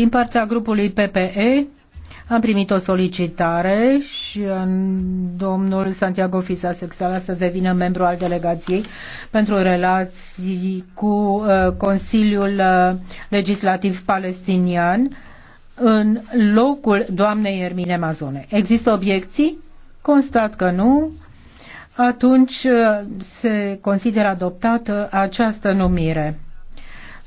Din partea grupului PPE am primit o solicitare și uh, domnul Santiago Fisa Sexala să devină membru al delegației pentru relații cu uh, Consiliul uh, Legislativ Palestinian în locul doamnei Ermine Mazone. Există obiecții? Constat că nu. Atunci se consideră adoptată această numire.